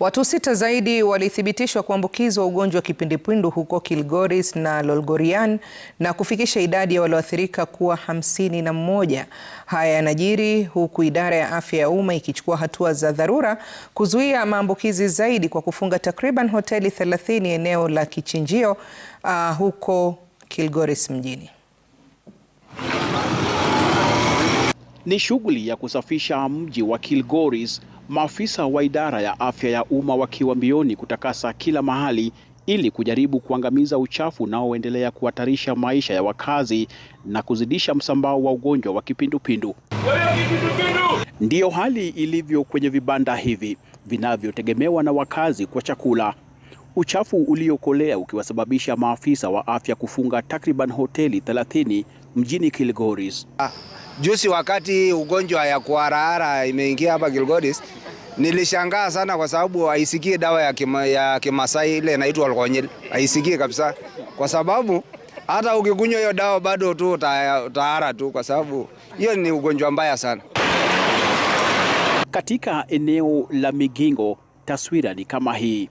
Watu sita zaidi walithibitishwa kuambukizwa ugonjwa wa kipindupindu huko Kilgoris na Lolgorian na kufikisha idadi ya walioathirika kuwa hamsini na mmoja Haya yanajiri huku idara ya afya ya umma ikichukua hatua za dharura kuzuia maambukizi zaidi kwa kufunga takriban hoteli 30 eneo la kichinjio uh, huko Kilgoris mjini. ni shughuli ya kusafisha mji wa Kilgoris, maafisa wa idara ya afya ya umma wakiwa mbioni kutakasa kila mahali ili kujaribu kuangamiza uchafu unaoendelea kuhatarisha maisha ya wakazi na kuzidisha msambao wa ugonjwa wa kipindupindu. Ndiyo hali ilivyo kwenye vibanda hivi vinavyotegemewa na wakazi kwa chakula, uchafu uliokolea ukiwasababisha maafisa wa afya kufunga takriban hoteli 30 mjini Kilgoris. Ah, Juzi wakati ugonjwa ya kuharahara imeingia hapa Kilgoris, nilishangaa sana kwa sababu haisikii dawa ya, kima, ya Kimasai ile inaitwa Olkonyil, haisikii kabisa, kwa sababu hata ukikunywa hiyo dawa bado tu utahara tu, kwa sababu hiyo ni ugonjwa mbaya sana. Katika eneo la Migingo taswira ni kama hii.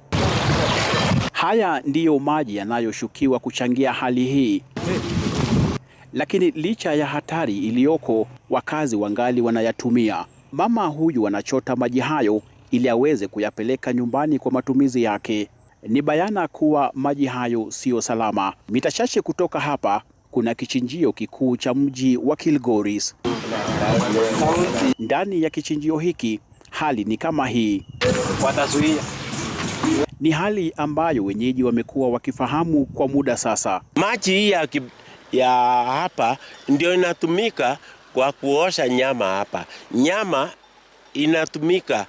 Haya ndiyo maji yanayoshukiwa kuchangia hali hii lakini licha ya hatari iliyoko, wakazi wangali wanayatumia. Mama huyu anachota maji hayo ili aweze kuyapeleka nyumbani kwa matumizi yake. Ni bayana kuwa maji hayo siyo salama. Mita chache kutoka hapa kuna kichinjio kikuu cha mji wa Kilgoris. Ndani ya kichinjio hiki hali ni kama hii. Watazuia. Ni hali ambayo wenyeji wamekuwa wakifahamu kwa muda sasa. Maji hii ya hapa ndio inatumika kwa kuosha nyama hapa. Nyama inatumika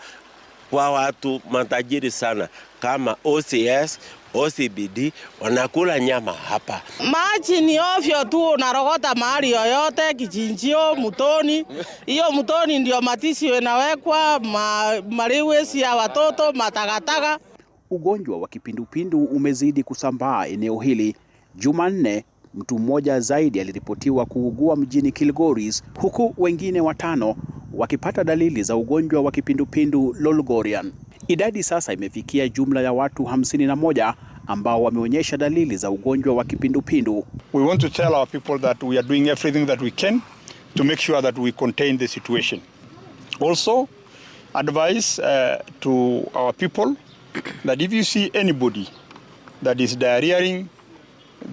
kwa watu matajiri sana kama OCS, OCBD wanakula nyama hapa. Maji ni ovyo tu, unarogota mahali yoyote, kichinjio, mtoni. Hiyo mtoni ndio matisi wenawekwa ma, maliwesi ya watoto, matakataka. Ugonjwa wa kipindupindu umezidi kusambaa eneo hili. Jumanne Mtu mmoja zaidi aliripotiwa kuugua mjini Kilgoris huku wengine watano wakipata dalili za ugonjwa wa kipindupindu Lolgorian. Idadi sasa imefikia jumla ya watu 51 ambao wameonyesha dalili za ugonjwa wa kipindupindu. We want to tell our people that we are doing everything that we can to make sure that we contain the situation. Also advise uh, to our people that if you see anybody that is diarrheaing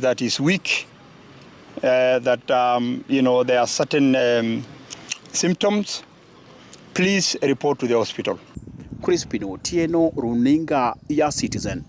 that is weak uh, that um, you know there are certain um, symptoms please report to the hospital Crispin Otieno runinga ya Citizen